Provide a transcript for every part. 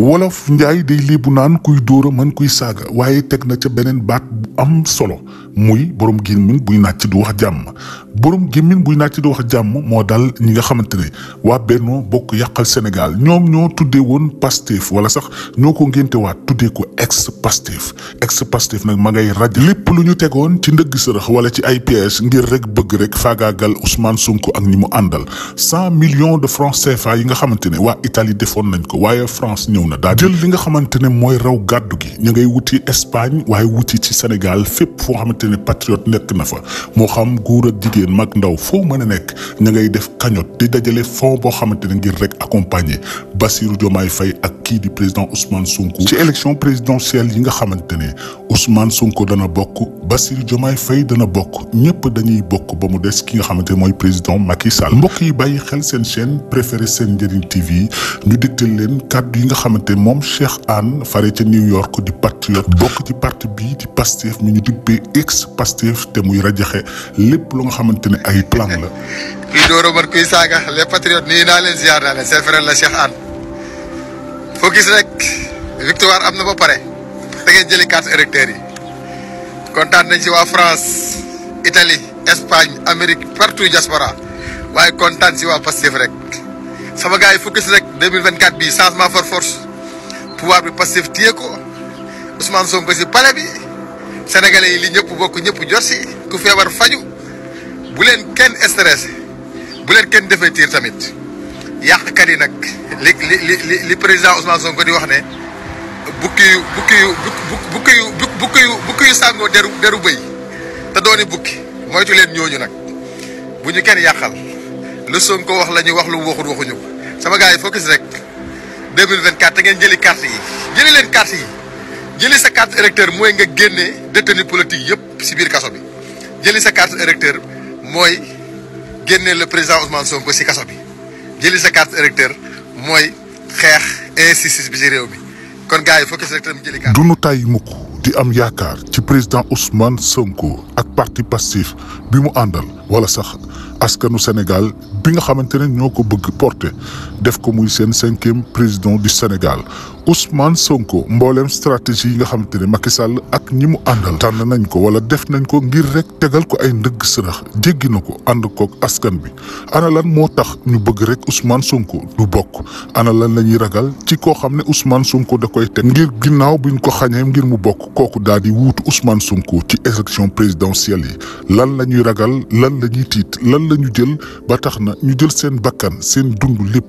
wolof njaay day lii naan kuy dóora mën kuy saaga waaye teg na ca beneen baat bu am solo muy borom gémmiñ buy nàcc du wax jàmm borom gémmiñ buy nàcc du wax jàmm moo dal ñi nga xamante ne waa Benno Bokk Yàqal Sénégal ñoom ñoo tuddee woon Pastef wala sax ñoo ko ngénte waat tuddee ko ex Pastef ex Pastef nag ma ngay raj lépp lu ñu tegoon ci ndëgg sërëx wala ci ay pièges ngir rek bëgg rek faagaagal Ousmane Sonko ak ñi mu àndal cent millions de francs CFA yi nga xamante ne waa Italie defoon nañ ko waaye France ñëw na daal jël li nga xamante ne mooy raw gàddu gi ñu ngay wuti Espagne waaye wuti ci Sénégal fépp foo xamante ne patriote nekk na fa moo xam guur a jigéen mag ndaw foo mën a nekk ña ngay def cagnotte di dajale fonds boo xamante ne ngir rek accompagner Bassirou Diomaye fay ak kii di président Ousmane Sonko. ci élection présidentielle yi nga xamantene, Ousmane Sonko dana bokk Bassirou Diomaye Faye dana bokk ñepp dañuy bokk ba mu dess ki nga xamantene moy président Macky Sall. mbokk yi baye xel sen chaîne préférée sen njëriñ TV ñu dégtal leen cadre yi nga xamantene mom Cheikh Anne faré ca New York di patriote bokk ci parti bi di Pastef mi ñu dubbee ex Pastef te muy rajaxé lepp lu nga xamantene ay plan la. kii do robar kuy les patriotes ni na len ziar naa frère la Cheikh Anne. foo gis rek victoire am na ba pare da ngeen jëli carte électeur yi kontaan nañ ci waa France Italie Espagne Amérique partout diaspora waaye kontaan ci waa passif rek sama gars yi gis rek 2024 bi changement for force pouvoir bi passif téye ko Ousmane Sonko ci palais bi sénégalais yi li ñëpp bokk ñëpp jot ci ku feebar faju bu leen kenn stressé bu leen kenn defee tamit yàqkat yi li li li li président Ousmane Sonko di wax ne buki buki buki buki buki sango bukki deru deru ta te buki, bukki tu len ñooñu nak buñu ñu kenn yàqal lu Sonko wax lañu wax lu waxu waxu ñu sama gaay focus rek 2024 ta ngeen jëli carte yi jëli len carte yi jëli sa carte électeur moy nga génne détenu politique yépp ci biir kasso bi jëli sa carte électeur moy génne le président Ousmane Sonko ci kasso bi jëli sa carte mooy xeex injustice bi kon gars yi focus rek tam jëli carte. dunu tay mukk di am yaakaar ci président Ousmane Sonko ak parti Pastef bi mu àndal wala sax. askanu Senegal bi nga xamantene ñoko bëgg porter def ko muy 5 strategi président du Sénégal Ousmane Sonko mboolem stratégie nga xamantene Macky Sall ak ñimu andal tan nañ ko wala def nañ ko ngir rek tegal ko ay ndëgg sërax jéggi and ko askan bi ana lan mo tax ñu bëgg rek Ousmane Sonko du bok ana lan lañuy ragal ci ko xamne Ousmane Sonko da koy ngir ginnaw buñ ko xagne ngir mu bok koku daal di wuutu Ousmane Sonko ci élection présidentielle yi lan lañuy ragal lan lañuy tit lan la ñu jël ba tax na ñu jël seen bakkan seen dund lépp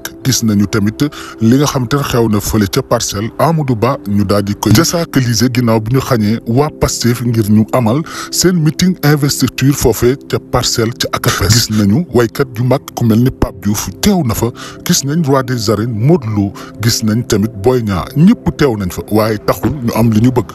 gis nañu tamit li nga xam te ne xew na fële ca parcelle Amadou Ba ñu daal di koy désacraliser ginnaaw bi ñu xañee waa fi ngir ñu amal seen meeting investiture foofee ca parcelle ca ACAPES gis nañu waykat yu mag ku mel ni Pape Diouf teew na fa gis nañ roi des arènes Modou Lo gis nañ tamit Boy Niang ñëpp teew nañ fa waaye taxul ñu am li ñu bëgg